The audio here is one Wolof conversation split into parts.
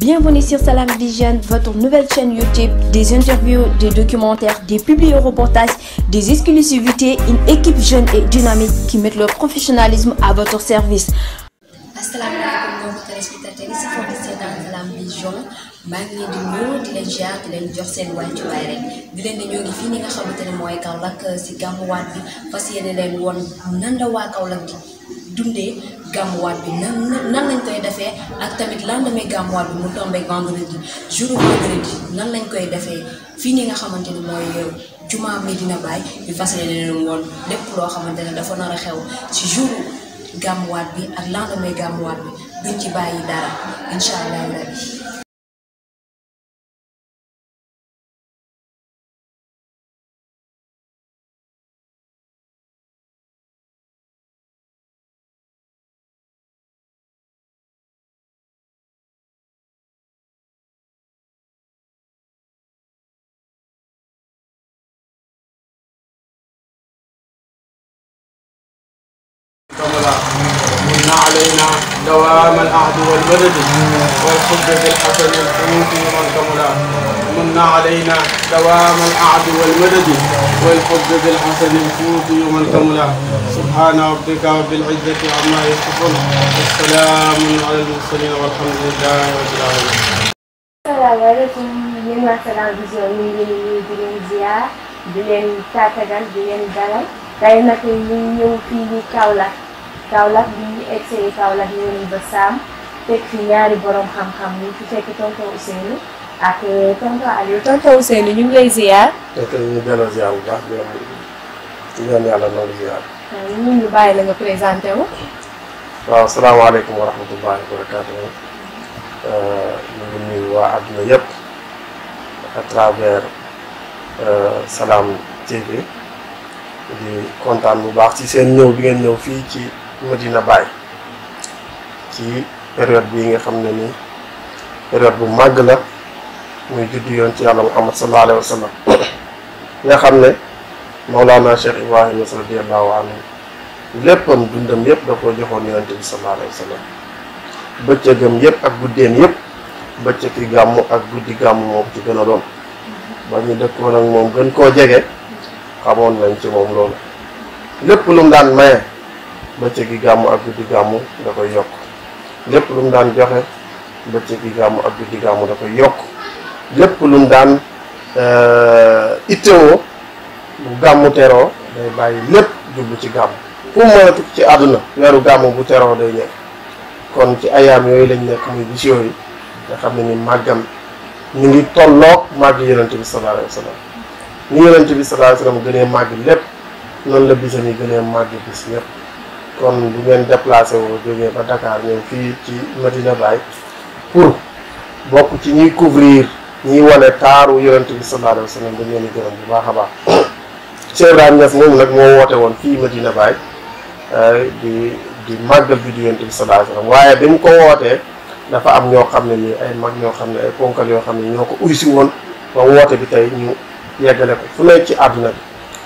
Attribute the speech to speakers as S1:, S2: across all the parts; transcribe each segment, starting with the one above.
S1: Bienvenue sur Salam Vision, votre nouvelle chaîne YouTube, des interviews, de documentaires, des publi-reportages, des exclusivités, une équipe jeune et dynamique qui met leur professionnalisme à votre service.
S2: asalaamaaleykum mbokki téléspectateurs yi si
S1: foog di seetaan Salam Vision maa ngi leen di nuyu di leen ziar di leen jox seen wàccuwaay rek di leen ne ñoo ngi fii ni nga xamante ne mooy Kaolack si gàmmuwaat bi fas yéene leen woon nan la waa Kaolack di. dundee gàmmuwaat bi nan nan lañ koy defee ak tamit lendemain gàmmuwaat bi mu tombé vendredi jour vendredi nan lañ koy defee fii nii nga xamante ni mooy euh, jumaa Medina Baye ñu fas yéene leen woon lépp loo xamante ne dafa nar a xew
S2: ci jour gàmmuwaat bi ak lendemain gàmmuwaat bi duñ ci bàyyi dara incha allah rabi. من علينا دوام العهد والبلد والحب بالحسن الحنوف من كملا من علينا دوام العهد والمدد والحب بالحسن الحنوف يوم الكملا سبحان ربك رب العزة عما يصفون والسلام على المرسلين والحمد لله رب العالمين
S1: السلام عليكم yéen waa Salam Vision ñu ngi leen nuyu di leen ziar di leen tàttagal di leen dalal tey nag ñu ñëw fii ñu Kaolack Kaolack bi ñu egsee Kaolack yooyu ba Saam fekk fi ñaari borom xam-xam ñu fi fekk tonton Ousseynou ak eh, tonton Aliou tonton ñu ngi lay ziar. tey tey ñu delloo ziar bu baax yàlla noonu ziar. waaw euh, ñun ñu bàyyi la nga présenté wu. waaw salaamaaleykum wa rahmatullahi wa barakatuh euh, ñu ngi nuyu waa àdduna yëpp à travers euh, Salam TV di kontaan bu baax ci seen ñëw bi ngeen ñëw fii ci. Medina Baye ci période bi nga xam ne nii période bu màgg la muy juddu yoon ci yàlla Muhammad sallallahu alayhi wa nga xam ne Mawlana Cheikh Ibrahima radiyallahu anhu léppam dundam yëpp da koo joxoon yonent bi sallallahu alayhi wa sallam bëccëgam yëpp ak guddeem yëpp bëccëgi gàmmu ak guddi gàmmu moom ci gën a doon ba ñu dëkkoon ak moom gën koo jege xamoon nañ ci moom loolu lépp lu mu daan maye bëccëgi gàmmu ak guddi gàmmu da koy yokk lépp lu mu daan joxe bëccëgi gàmmu ak guddi gàmmu da koy yokk lépp lu mu daan euh, itteewoo bu gàmmu teroo day bàyyi lépp jublu ci gàmmu ku mënatu ci àdduna weeru gàmmu bu teroo day nekk kon ci ayaam yooyu lañ nekk muy bis yooyu nga xam ne ni màggam ñu ngi tolloog màgg yonent bi sallallahu alayhi wa sallam ni yonent bi sallallahu alayhi wa sallam gënee màgg lépp noonu la bisam yi gënee màgg bis lépp kon bu ngeen déplacé woo jógee ba Dakar ñëw fii ci Medina Baye pour bokk ci ñuy couvrir ñiy wane taaru yonent bi sallallahu alayhi wa dañ leen di gërëm bu baax a baax
S2: Cheikh Ibrahima Niass moom nag
S1: moo woote woon fii Medina Baye euh, di di màggal bi di yonent bi sallallahu alayhi wa waaye bi mu ko wootee dafa am ñoo xam ne nii ay mag ñoo xam ne ay ponkal yoo xam ne ñoo ko uy si woon ba woote bi tey ñu yeggale ko fu nekk ci àdduna bi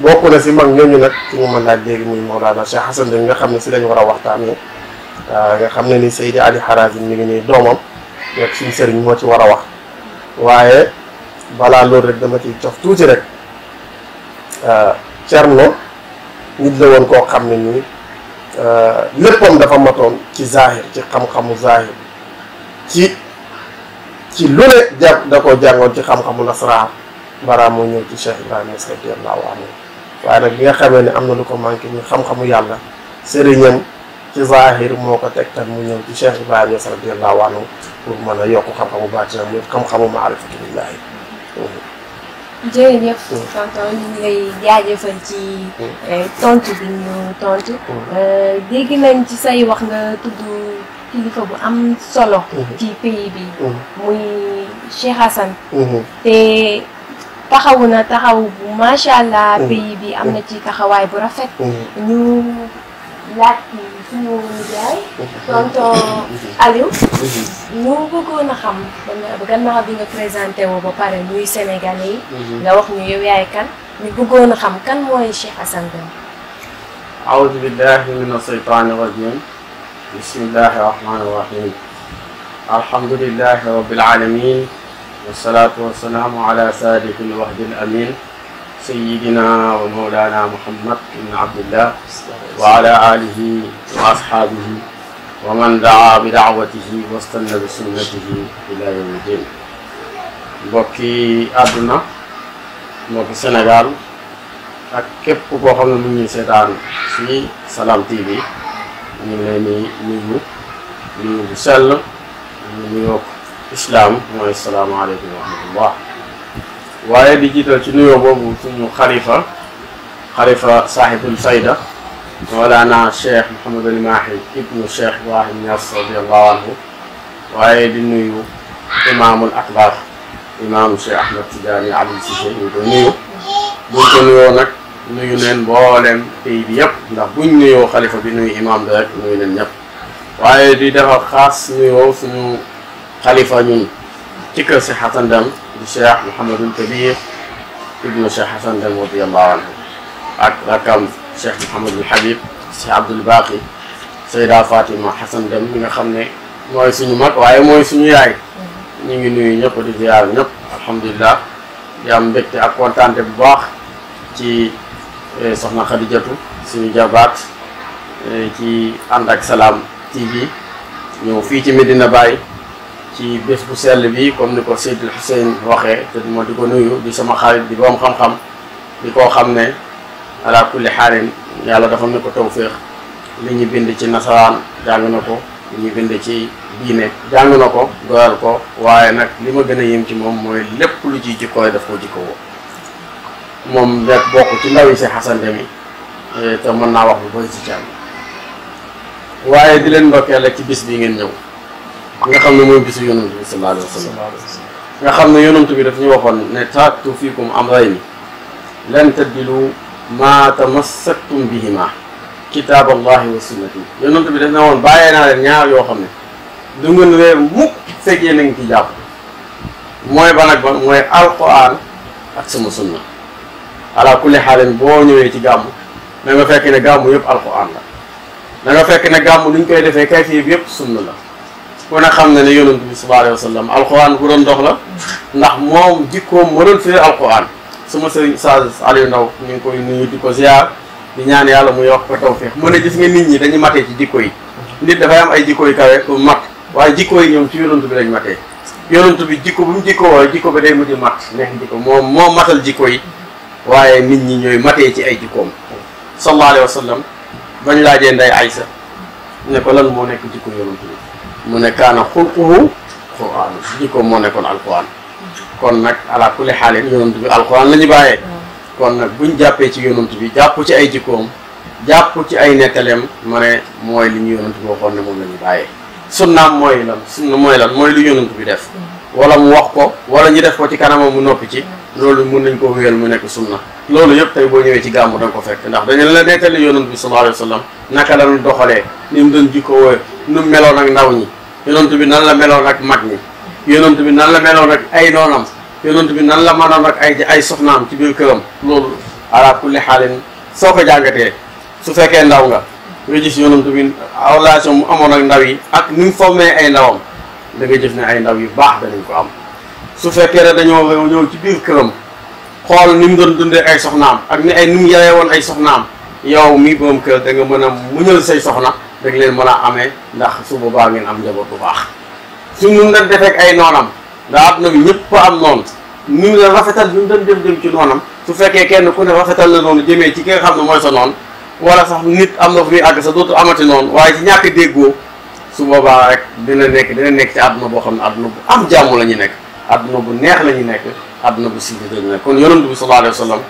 S1: bokk na si mag ñooñu nag ci ñu mën naa dégg muy Mawlana Cheikh Hassan nga xam ne si lañ war a waxtaanee ah, nga xam ne ni Seydi Ali Harazim mi ngi nii doomam nekk suñu sëriñ moo ci war a wax waaye balaa loolu rek dama ciy cof tuuti rek Cerno ah, nit la woon koo xam ne nii ah, léppam dafa matoon ci zahir ci xam-xamu zahir ci ci lu ne jàng da koo jàngoon ci xam-xamu lasraar balaa mu ñëw ci Cheikh Ibrahima Niass radiyallahu anhu waaye nag bi nga xamee ne am na lu ko manqué ñu xam-xamu yàlla sëriñam ci zahir moo ko tegtal mu ñëw ci Cheikh Ibrahima Niass radiyallahu anhu pour mën a yokk xam-xamu baatinam mu xam-xamu maarifatu billaahi jërëjëf mm. tonton ngi lay jaajëfal ci mm. eh, mm. euh, ci say wax kilifa bu am solo mm-hmm. ci pays mm-hmm. muy Cheikh Hassan mm-hmm. te taxawu na taxaw bu macha allah. pays mm. bi am na mm. ci taxawaay bu rafet. Mm. ñu laaj suñu nijaay. Mm-hmm. tonton mm-hmm. Aliou. Mm-hmm. ñu bëggoon a xam gannaaw bi nga présenté woo ba pare muy sénégalais yi. nga wax ñu yow yaay kan. ñu bëggoon a xam kan mooy Cheikh Assane Dème.
S2: awuzu billahi mina shaytaani rajim. bismillahi rahmaani rahim. alhamdulillahi rabbil wasalaatu wasalaamu ala saadiqi lwahdi l amin sayidina wa mawlana muhammad ibn abdillah wa ala alihi wa ashaabihi wa man daa bi daawatihi wastanna bi sunnatihi ila yawmi din mbokki àdduna mbokki sénégal ak képp koo xam ne mu ngi seetaan si Salam TV ñu ngi leen di nuyu nuyu bu sell ñu ngi yokk islaam mooy salaamaaleykum wa rahmatullah waaye di jiital ci nuyoo boobu suñu xalifa xalifa saaxibul fayda moolaana cheikh Mouhamadul Mahi ibnu cheikh Ibrahim Niass radiallahu anhu waaye di nuyu imaamul akbar imaamu cheikh Ahmed Tidiane Ali Cissé ñu ko nuyu buñ ko nuyoo nag nuyu neen mboolem pays bi yëpp ndax buñ nuyoo xalifa bi nuyu imaam bi rek nuyu neen ñëpp waaye di defar xaas nuyoo suñu xalifa ñun ci kër si xasan dem di cheikh mouhamadul kabir ibnu cheikh xasan dem radiallahu anhu ak rakam cheikh mouhamadul habib cheikh abdul baqi sayda fatima xasan dem mi nga xam ne mooy suñu mag waaye mooy suñu yaay ñu ngi nuyu ñëpp di ziyaar ñëpp alhamdulilah di am mbégte ak bu baax ci eh, soxna xadijatu suñu jabaat eh, ci ànd salaam tv ñëw fii ci Medina Baye ci bés bu sell bi comme ni ko Seydil Hussein waxee te ma di ko nuyu di sama xarit di boom xam-xam di koo xam ne ala kulli xaalin yàlla dafa ne ko tawféex li ñu bind ci nasaraan jàng na ko li ñu bind ci diine jàng na ko doyal ko waaye nag li ma gën a yëm ci moom mooy lépp lu ci jikkooy daf ko jikkoo moom nag bokk ci ndaw si xasante mi eh, te mën naa wax bu bëri si càmm waaye di leen ndokkeel rek ci bis bi ngeen ñëw nga xam ne mooy bisu yonent bi sallallahu alayhi wa nga xam ne yonent bi daf ñu waxoon ne taraktu fiikum amrayni lan tadillu ma tamassaktum bihima kitaab allahi wa sunnati yonent bi daf ne woon bàyyee naa leen ñaar yoo xam ne du ngeen réer mukk fekk yéen a ngi ci jàpp mooy ban mooy alquran ak sama sunna ala kulli xaalin boo ñëwee ci gàmm na nga fekk ne gàmm yëpp alquran la na nga fekk ne gàmm luñ koy defee kayit yëpp sunna la kon nag xam na ne yonent bi sallallahu alayhi wa sallam alquran bu doon dox la ndax moom jikkoom moo doon suma sëriñ Oustaz Aliou Ndao ñu ngi koy nuyu di ñaan yàlla mu yokk ko tawféex gis nga nit ñi dañu matee ci jikko yi nit am ay jikko yu kawe mat waaye jikko yi ñoom ci yonent bi lañu matee jikko bu jikko waaye jikko bi day mujj nekk jikko moom moo matal jikko yi waaye nit ñi ñooy matee ci ay jikkoom sallallahu alayhi wa sallam nday Aysa ne ko lan moo nekk jikko yonent bi mu ne kaana xulquhu quraan jikkoom moo nekkoon alquran kon nag ala kulli xaalin yonent bi alquran la ñu bàyyee kon nag buñ jàppee ci yonent bi jàpp ci ay jikkoom jàpp ci ay nettaleem ma ne mooy li ñu yonent bi waxoon ne moom la ñu bàyyee sunnaam mooy lan sunna mooy lan mooy li yonent bi def wala mu wax ko wala ñu def ko ci kanamam mu noppi ci loolu mun nañ koo wéyal mu nekk sunna loolu yëpp tey boo ñëwee ci gàmmu da nga ko fekk ndax dañu la nettali yonent bi sallallahu alayhi wa naka la ñu doxalee ni mu doon jikko wooye nu mu meloon ndaw ñi yonent bi nan la meloon ak mag ñi yonent bi nan la meloon ak ay noonam yonent bi nan la manoon ak ay ay soxnaam ci biir këram loolu ala kulli xaalin soo ko jàngatee su fekkee ndaw nga nga gis yonent bi relation mu amoon ak ndaw yi ak ni mu formé ay ndawam da nga gis ne ay ndaw yu baax danañ ko am su fekkee ne dañoo ñëw ci biir këram xool ni mu doon dundee ay soxnaam ak ni ay ni mu yaree woon ay soxnaam yow mi boom kër da nga mën a muñal say soxna da leen mën a amee ndax su boobaa ngeen am njaboot bu baax su mun doon defek ay noonam ndaa at na bi ñëpp am noonu ni mu la rafetal bi mu dem dem ci noonam su fekkee kenn ku ne rafetal la noonu jëmee ci ki nga xam ne mooy sa noon wala sax nit am na fu muy àgg sa dootu amati noonu waaye ci ñàkk déggoo su boobaa rek dina nekk dina nekk ci àdduna boo xam ne àdduna bu am jàmm la ñu nekk àdduna bu neex la ñu nekk àdduna bu siiw la nekk kon yonent bi sallallahu alayhi wa sallam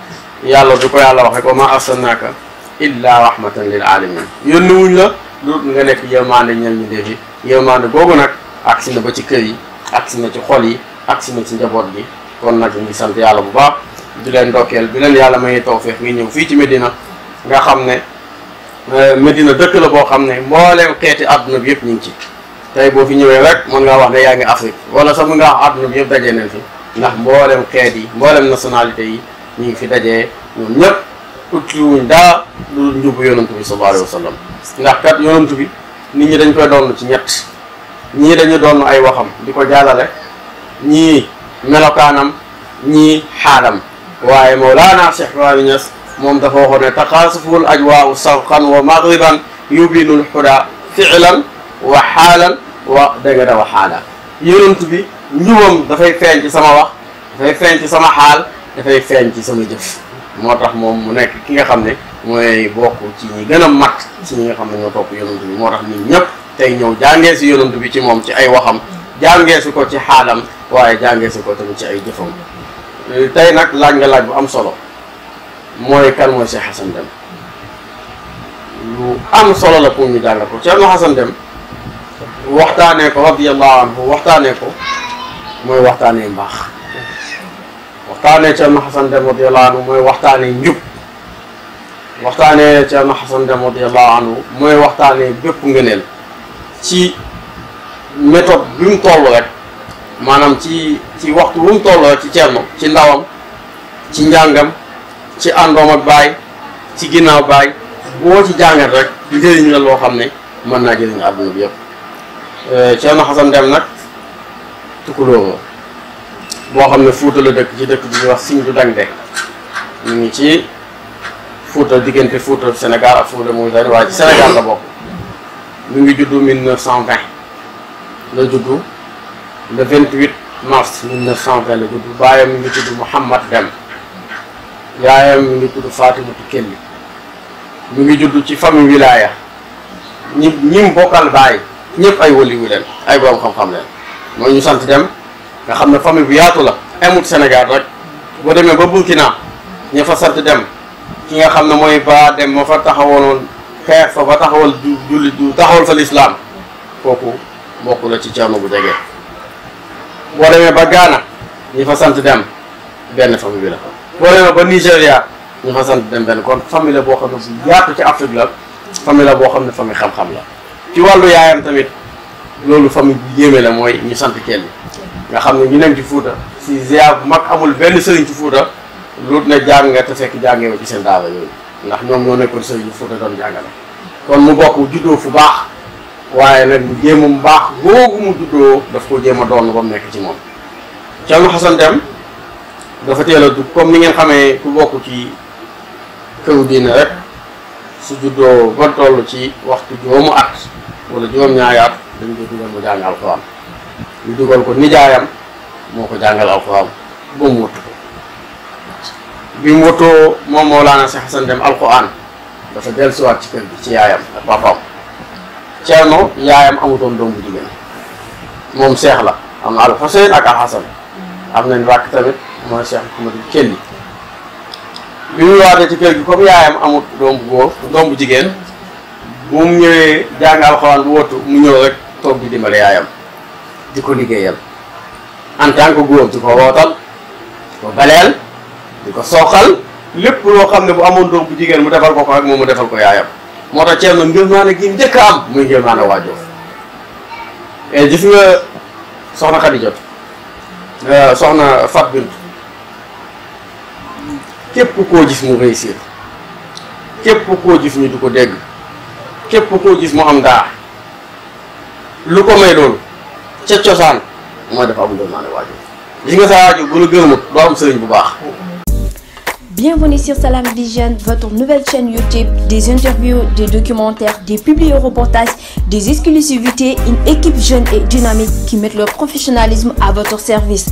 S2: yàlla du ko yàlla waxee ko ma arsalnaaka illa rahmatan lil alamin yónni wuñ la lu nga nekk yërmande ñeel ñu def yi yërmande googu nag agsi na ba ci kër yi agsi na ci xol yi agsi na ci njaboot gi kon nag ñu ngi sant yàlla bu baax du leen ndokkeel bi leen yàlla may tawfeex ngi ñëw fii ci Medina nga xam ne Euh, Medina dëkk la boo xam ne mbooleem xeeti àdduna bi yëpp ñu ngi ci tey boo fi ñëwee rek mën ngaa wax ne yaa ngi Afrique wala sax mën ngaa wax àdduna bi yëpp dajee nañ fi ndax mbooleem xeet yi mbooleem nationalité yi ñu ngi fi dajee ñoom ñëpp utliwuñ daa lu njubu yonantu bi sallallahu alayhi wa sallam ndax kat yonantu bi nit ñi dañ koy doon ci ñett ñii dañu doon ay waxam di ko jàllale ñii melokaanam ñii xaalam waaye Mawlaana Cheikh Ibrahima Niass moom dafa waxoon ne taxaasuful ajwaaw sawqan wa magriban yubinul xuda filan wa xaalan wa dégg nga wa xaala yonent bi njubam dafay feeñ ci sama wax dafay feeñ ci sama xaal dafay feeñ ci sama jëf moo tax moom mu nekk ki nga xam ne mooy bokk ci ñi gën a mat ci ñi nga xam ne ñoo topp yonent bi moo tax ñun ñëpp tey ñëw jàngee si yonent bi ci moom ci ay waxam jàngee si ko ci xaalam waaye jàngee si ko tamit ci ay jëfam tey nag laaj nga laaj bu am solo mooy kan mooy Cheikh Hassan Dème lu am solo la pour daal jàng ko Thierno Hassan Dème waxtaanee ko radiyallahu anhu waxtaanee ko mooy waxtaanee mbaax waxtaanee Thierno Hassan Dème radiyallahu anhu mooy waxtaanee njub waxtaanee Thierno Hassan Dème radiyallahu anhu mooy waxtaanee bépp ngëneel ci metod bi mu toll rek maanaam ci ci waxtu wu mu toll rek ci Thierno ci ndawam ci njàngam. ci àndoom ak baay ci ginnaaw baay boo ci jàngat rek njëriñ la loo xam ne mën naa jëriñ àdduna bi yëpp Ceerno euh, Xasan Dem nag tukkuloo boo xam ne Fuuta la dëkk ci dëkk bi ñuy wax Sinju Dangde ñu ngi ci fuutal diggante Fuuta Sénégal ak Fuuta Mauritanie waaye ci Sénégal la bokk mu ngi juddu 1920 la juddu le 28 mars 1920 la juddu baayam mu ngi tudd Mouhamad Dem yaayam mi ngi tudd Faatimatu Kelli mi ngi judd ci famille wilaaya ñi ñi bokkal baay ñëpp ay waliwu leen ay borom xam-xam leen moo ñu sant dem nga xam ne famille bu yaatu la amut Sénégal rek boo demee ba Burkina ña fa sant dem ki nga xam ne mooy ba dem moo fa taxawaloon xeex fa ba taxawal du julli du taxawal fa lislaam kooku bokk la ci cawno bu jege boo demee ba Gaana ñi fa sant dem benn famille bi la waree na ba Nigéria ñu fa sant dem benn kon famille boo xam ne si yaatu ci Afrique la famille boo xam ne famille xam-xam la ci wàllu yaayam tamit loolu famille bi yéeme la mooy ñu sant kenn nga xam ne ñu nekk ci Fuuta si ziar bu mag amul benn sëriñ ci Fuuta luut ne jàng nga te fekk jàngee ci seen daara yooyu ndax ñoom ñoo nekkoon sëriñ bu Fuuta doon jàngale kon mu bokk juddoo fu baax waaye nag mu jéem a mbaax googu mu juddoo daf ko jéem a doon ba mu nekk ci moom Thierno Hassane dafa teel a dugg comme ni ngeen xamee ku bokk ci këru diine rek su juddoo ba toll ci waxtu juróomu at wala juróom-ñaari dañ koy dugal mu jàng alxuraan ñu dugal ko nijaayam moo ko jàngal alxuraan ba mu wëttu ko bi mu wëttoo moom Mawlaana si Xasan Dem alxuraan dafa dellusiwaat ci kër gi ci yaayam ak papaam Cerno yaayam amutoon doom bu jigéen moom seex la am na al Xuseyn ak al tamit mooy Cheikh Mouhamadou Kenni bi mu waatee ci kër gi comme yaayam amut doom bu góor doom bu jigéen bu mu ñëwee jàng alxuraan bu wottu mu ñëw rek toog di dimbale yaayam di ko liggéeyal en tant que góor di ko rootal di ko baleel di ko sooxal lépp loo xam ne bu amoon doom bu jigéen mu defal ko ko rek moom mu defal ko yaayam moo tax Thierno ngërmaane gi njëkk a am muy ngërmaane waajur et eh, gis soxna Khady eh, soxna Fat Bintou képp koo gis mu réussir képp koo gis ñu di ko dégg képp koo gis mu am daa lu ko may loolu ca cosaan mooy dafa am doon naa ne waajur gis nga saa waajur bu la gërëmut doo am sëriñ bu baax
S1: Bienvenue sur Salam Vision, votre nouvelle chaîne YouTube, des interviews, des documentaires,
S2: des publi-reportages, des exclusivités, une équipe jeune et dynamique qui met leur professionnalisme à votre service.